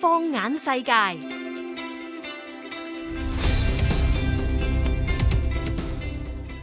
放眼世界。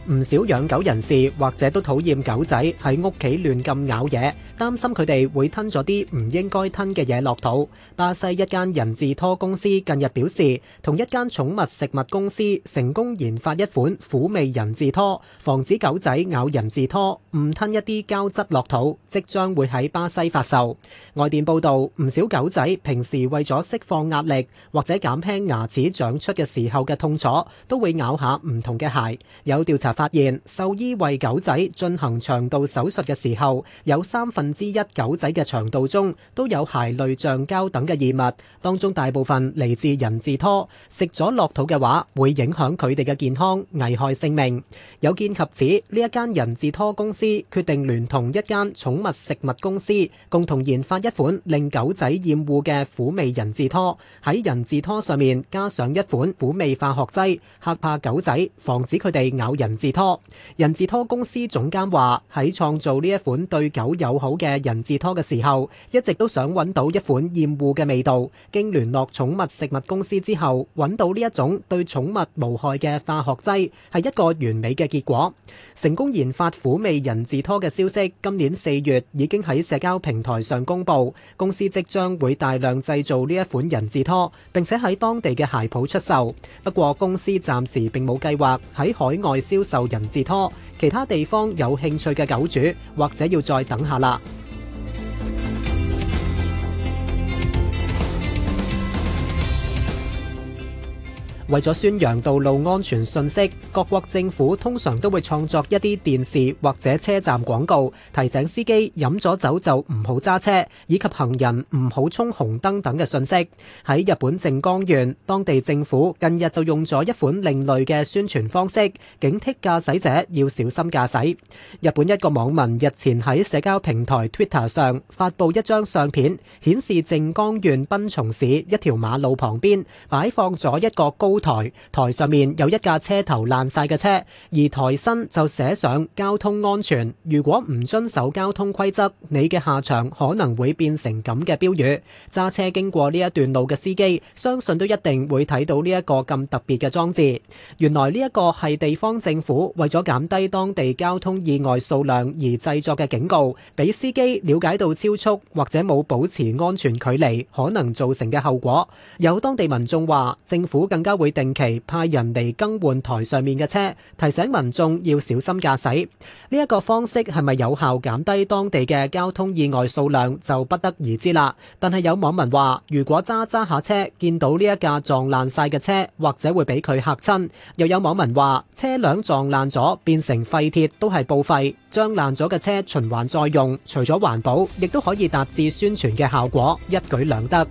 唔少養狗人士或者都討厭狗仔喺屋企亂咁咬嘢，擔心佢哋會吞咗啲唔應該吞嘅嘢落肚。巴西一間人字拖公司近日表示，同一間寵物食物公司成功研發一款苦味人字拖，防止狗仔咬人字拖誤吞一啲膠質落肚，即將會喺巴西發售。外電報道，唔少狗仔平時為咗釋放壓力或者減輕牙齒長出嘅時候嘅痛楚，都會咬下唔同嘅鞋。有調查，發現獸醫為狗仔進行腸道手術嘅時候，有三分之一狗仔嘅腸道中都有鞋類橡膠等嘅異物，當中大部分嚟自人字拖。食咗落肚嘅話，會影響佢哋嘅健康，危害性命。有見及此，呢一間人字拖公司決定聯同一間寵物食物公司，共同研發一款令狗仔厭惡嘅苦味人字拖。喺人字拖上面加上一款苦味化學劑，嚇怕狗仔，防止佢哋咬人。人字拖人字拖公司總監話：喺創造呢一款對狗友好嘅人字拖嘅時候，一直都想揾到一款厭惡嘅味道。經聯絡寵物食物公司之後，揾到呢一種對寵物無害嘅化學劑，係一個完美嘅結果。成功研發苦味人字拖嘅消息，今年四月已經喺社交平台上公布。公司即將會大量製造呢一款人字拖，並且喺當地嘅鞋鋪出售。不過公司暫時並冇計劃喺海外銷受人字拖，其他地方有興趣嘅狗主或者要再等下啦。為咗宣揚道路安全信息，各國政府通常都會創作一啲電視或者車站廣告，提醒司機飲咗酒就唔好揸車，以及行人唔好衝紅燈等嘅信息。喺日本靜岡縣，當地政府近日就用咗一款另類嘅宣傳方式，警惕駕駛者要小心駕駛。日本一個網民日前喺社交平台 Twitter 上發布一張相片，顯示靜岡縣濱松市一條馬路旁邊擺放咗一個高。台台上面有一架車頭爛晒嘅車，而台身就寫上交通安全。如果唔遵守交通規則，你嘅下場可能會變成咁嘅標語。揸車經過呢一段路嘅司機，相信都一定會睇到呢一個咁特別嘅裝置。原來呢一個係地方政府為咗減低當地交通意外數量而製作嘅警告，俾司機了解到超速或者冇保持安全距離可能造成嘅後果。有當地民眾話，政府更加，會定期派人嚟更換台上面嘅車，提醒民眾要小心駕駛。呢一個方式係咪有效減低當地嘅交通意外數量就不得而知啦。但係有網民話，如果揸揸下車見到呢一架撞爛晒嘅車，或者會俾佢吓親。又有網民話，車輛撞爛咗變成廢鐵都係報廢，將爛咗嘅車循環再用，除咗環保，亦都可以達至宣傳嘅效果，一舉兩得。